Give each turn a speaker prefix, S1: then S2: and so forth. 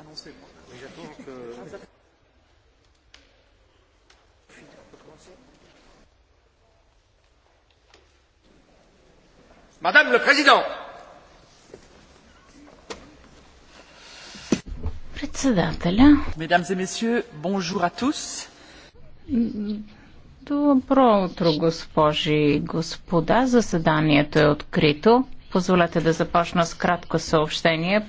S1: annoncez-moi. Mais j'attends que...
S2: Madame le Président
S3: Mesdames et messieurs, bonjour à tous.
S4: Добро утро, госпожи и господа. Заседанието е открито. Позволете да започна с кратко съобщение.